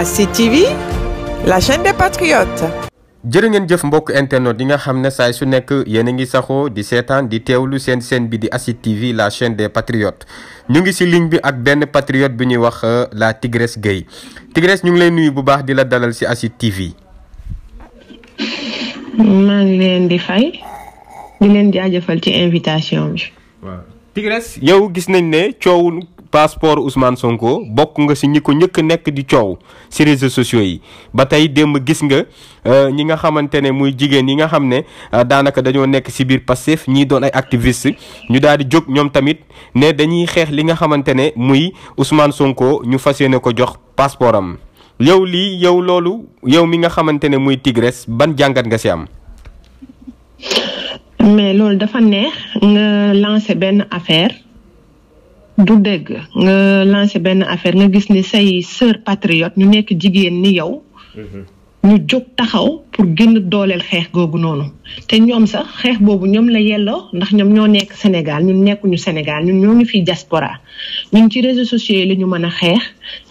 à CTV, la chaîne des patriotes. jërë ngeen jëf mbokk internet yi nga xam ne saay su nekk yéen a ngi saxoo di seetaan di teewlu seen chaîne bi di ASID TV la chaine des patriotes ñu ngi ci ligne bi ak benn patriote bi ñuy wax euh, la Tigresse Gueye Tigresse ñu ngi lay nuyu bu baax di la dalal ci ASID TV. maa leen di fay di leen jaajëfal ci invitation bi. waaw yow gis nañ ne coowu passeport Ousmane Sonko bokk nga si ñi ko njëkk nekk di coow si réseaux sociaux yi ba tey démb gis nga euh, ñi nga xamante ne muy jigéen yi nga xam ne euh, daanaka dañoo nekk si biir Pastef ñii doon ay activiste ñu daal di jóg ñoom tamit ne dañuy xeex li nga xamante ne muy Ousmane Sonko ñu fas yéene ko jox passeport am yow lii yow loolu yow mi nga xamante ne muy Tigresse ban jàngat nga si am. mais loolu dafa neex nga lancer benn affaire. du dëgg nga lancé benn affaire nga gis ni say sœur patriote ñu nekk jigéen ni yow. Mhm. ñu jóg taxaw pour gën dooleel xeex googu noonu te ñoom sax xeex boobu ñoom la yelloo ndax ñoom ñoo nekk Sénégal ñun nekkuñu Sénégal ñun ñoo ngi fi diaspora ñun ci réseaux sociaux yi la ñu mën a xeex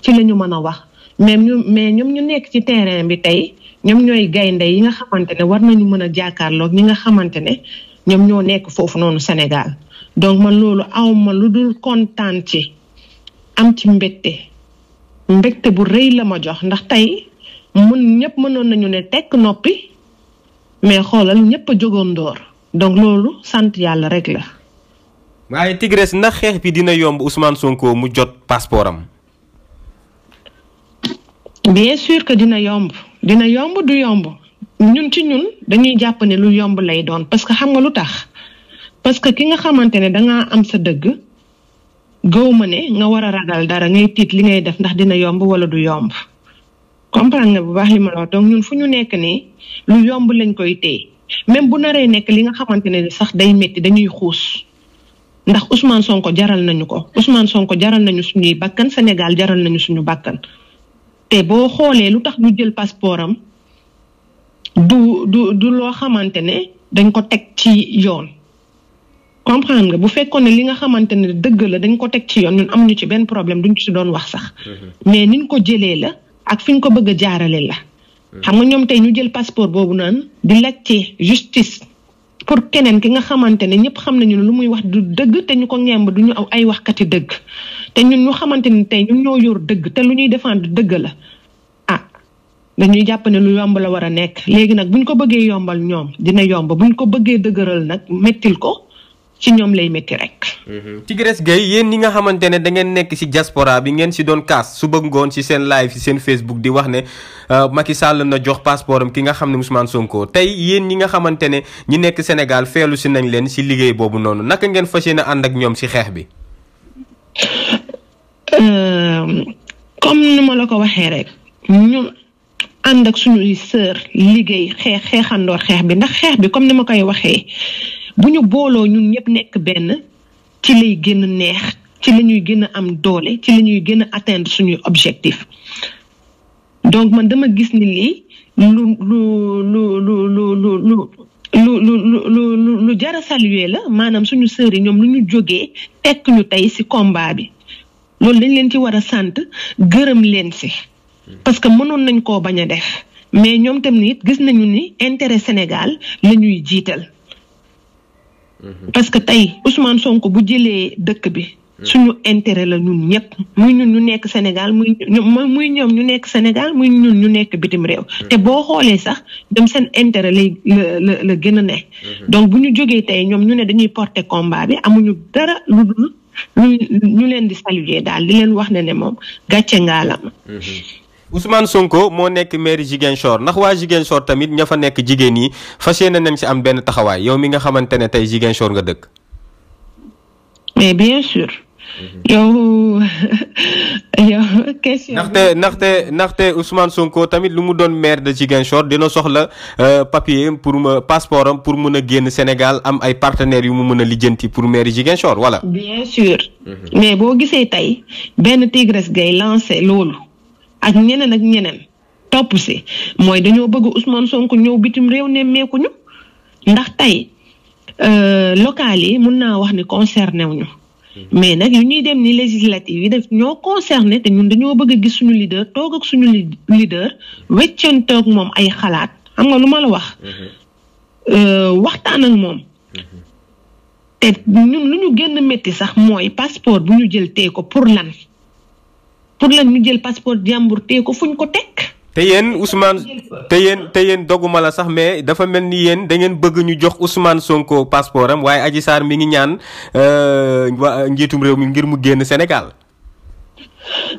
ci la ñu mën a wax mais ñu mais ñoom ñu nekk ci terrain bi tey ñoom ñooy gaynde yi nga xamante ne war nañu mën a jàkkaarloog ñi nga xamante ne ñoom ñoo nekk foofu noonu Sénégal. donc man loolu awma lu dul kontaan ci am ci mbégte mbégte bu rëy la ma jox ndax tey mun ñëpp mënoon nañu ne tekk noppi mais xoolal ñëpp a jógoon donc loolu sant yàlla rek la. waaye Tigresse ndax xeex bi dina yomb Ousmane Sonko mu jot passeport am. bien sûr que dina yomb dina yomb du yomb ñun ci ñun dañuy jàpp ne lu yomb lay doon parce que xam nga lu tax. parce que ki nga xamante ne dangaa am sa dëgg gëw ne nga war a ragal dara ngay tiit li ngay def ndax dina yomb wala du yomb comprendre nga bu baax li ma la wax ñun fu ñu nekk nii lu yomb lañ koy téye même bu naree nekk li nga xamante ne sax day métti dañuy xuus ndax Ousmane Sonko jaral nañu ko Ousmane Sonko jaral nañu suñuy bakkan Sénégal jaral nañu suñu bakkan te boo xoolee lu tax du jël passeport am du du du loo xamante ne dañ ko teg ci yoon. comprendre nga bu fekkoon ne li nga xamante ne dëgg la dañ ko teg ci yoon ñun am ñu ci benn problème duñ ci doon wax sax. Mm-hmm. mais niñ ko jëlee la ak fi ñu ko bëgg a jaarale la. Mm-hmm. xam nga ñoom tey ñu jël passeport boobu naan di laajte justice. pour keneen ki nga xamante ne ñëpp xam nañu ne lu muy wax du dëgg te ko ngemb du ñu aw ay waxkati dëgg te ñun ñu xamante ne tey ñun ñoo yor dëgg te lu ñuy défendre dëgg la ah dañuy jàpp ne lu yomb war a nekk léegi nag buñ ko bëggee yombal ñoom dina yomb buñ ko bëggee dëgëral nag mettil ko ci ñoom lay métti rek. ci mhm. Grace Gueye yéen ñi nga xamante ne da ngeen nekk ci diaspora bi ngeen ci doon kaas su bëgg ngoon ci seen live ci seen Facebook di wax ne euh, Macky Sall na jox passeport am ki nga xam ne Ousmane Sonko tey yéen ñi nga xamante ne ñi nekk senegal feelu si nañ leen ci liggéey boobu noonu naka ngeen fas yéene ànd ak ñoom ci xeex bi. Euh, comme ni ma la ko waxee rek ñun ànd ak suñuy sœur liggéey xeex xeexandoor xeex bi ndax xeex bi comme ni ma koy waxee. bu ñu booloo ñun ñëpp nekk benn ci lay gën neex ci lañuy ñuy gën a am doole ci la ñuy gën a atteindre suñuy objectif donc man dama gis ni lii lu lu lu lu lu lu lu lu lu lu lu jara saluer la maanaam suñu sœurs yi ñoom lu ñu jógee tekk ñu tey ci combat bi loolu dañ leen ci war a sant gërëm leen ci parce que mënoon nañ koo bañ a def mais ñoom tam tamit gis nañu ni intéret Sénégal la ñuy jiital Mhm. parce que tey Ousmane Sonko bu jëlee dëkk bi. Mhm. suñu intérêt la ñun ñëpp muy ñun ñu nekk Sénégal muy muy ñoom ñu nekk Sénégal muy ñun ñu nekk bitim réew. Mhm. te boo xoolee sax dem seen intérêt lay la la la gën a ne. donc bu ñu jógee tey ñoom ñu ne dañuy porter combat bi amuñu dara lu dul ñu leen di saluer daal li leen wax na ne moom gàcce ngaalama. Ousmane Sonko moo nekk maire Ziguinchor ndax waa soor tamit ña fa nekk jigéen yi fa yéene nañ si am benn taxawaay yow mi nga xamante ne tey Ziguinchor nga dëkk. mais bien sûr. Mhm. ndaxte ndaxte Sonko tamit lu mu doon maire de Ziguinchor dina soxla euh, papier pour ma passeport pour mun a génn Sénégal am ay partenaires yu mu mën a lijjanti pour maire Ziguinchor voilà. bien sûr. Mhm. mais boo gisee tey benn Tigres gay lancé loolu. ak ñeneen ak ñeneen topp si mooy dañoo bëgg Ousmane Sonko ñëw bitim réew nemmeeku ñu ndax tey euh, local yi mun naa wax ni concerné wu ñu. mais nag yu ñuy dem ni législative yi def ñoo concerné te ñun dañoo bëgg gis suñu leader toog ak suñu leader wecceen toog moom ay xalaat xam nga lu ma la wax. Mm-hmm. Euh, waxtaan ak moom. Mm-hmm. te ñun lu ñu gën a métti sax mooy passeport bu ñu jël tee ko pour lan. pour lan ñu jël passeport jàmbur téye ko fuñ ko teg. te yéen Ousmane te yéen te yéen doguma la sax mais dafa mel ni yéen da bëgg ñu jox Ousmane Sonko passeport am waaye Adji Sarr mi ngi ñaan euh, waa njiitum réew mi ngir mu génn Sénégal.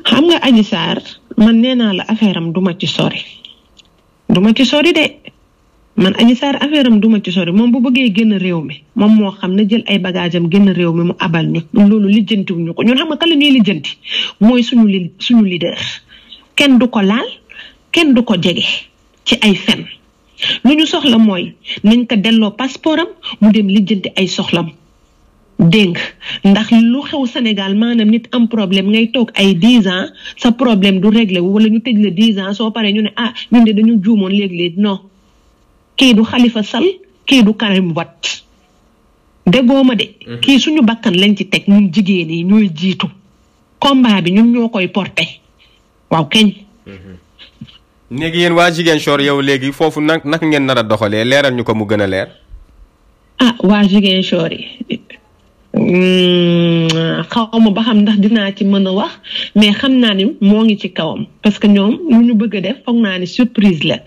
xam nga Adji Sarr man nee naa la affaire duma ci sori duma ci sori de. man Adji Sarr affaire am duma ci sori moom bu bëggee génn réew mi moom moo xam na jël ay bagage am génn réew mi mu abal ñu loolu lijjantiwuñu ko ñun xam nga kan la ñuy lijjanti mooy suñu li suñu leader kenn du ko laal kenn du ko jege ci ay fen lu ñu soxla mooy nañ ko delloo passeport am mu dem lijjanti ay soxlam dégg ndax lu xew Sénégal maanaam nit am problème ngay toog ay dix ans sa problème du réglé wu wala ñu tëj la dix ans soo paree ñu ne ah ñun de dañu juumoon léeg-léeg non kii du Khalifa Sall kii du Karim Wade déggoo ma de. Mhm. kii suñu bakkan lañ ci teg ñun jigéen yi ñooy jiitu combat bi ñun ñoo koy porté waaw keñ. Mhm. léegi yéen waa Ziguinchor yow léegi foofu nag nag ngeen nar a doxalee leeral ñu ko mu gën a leer. ah waa Ziguinchor yi xaw ma ba xam ndax dinaa ci mën a wax mais xam naa ni moo ngi ci kawam parce que ñoom lu ñu bëgg a def foog naa ni surprise la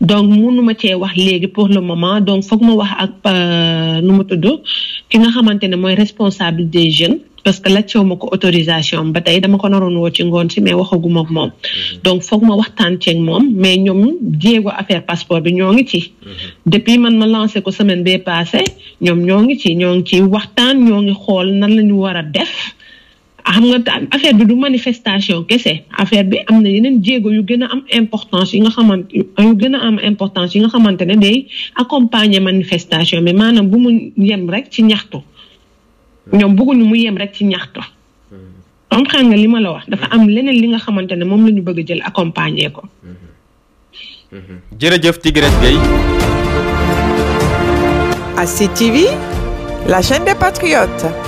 donc mun nu ma cee wax léegi pour le moment donc foog ma wax ak euh, nu ma tudd ki nga xamante ne mooy responsable des jeunes. parce que la laajtewu ma ko autorisation ba tey dama ko naroon woo ci ngoon si mais waxaguma ak moom mhm. donc foog ma waxtaan ceeg moom mais ñoom jéego affaire passeport bi ñoo ngi ci mhm. depuis man ma lancé ko semaine bee passé ñoom ñoo ngi ci ñoo ngi ci waxtaan ñoo ngi xool nan la ñu war a def xam nga affaire bi du manifestation kese affaire bi am na yeneen jéego yu gën a am importance yi nga xamante yu gën a am importance yi nga xamante ne day accompagner manifestation bi maanaam bu mu yem rek ci ñaxtu ñoom bëgguñu mu yem rek ci ñaxtu. comprendre nga li ma la wax dafa am leneen li nga xamante ne moom la ñu bëgg a jël accompagner ko. jërëjëf Tigresse a ASID TV la chaîne des patriotes.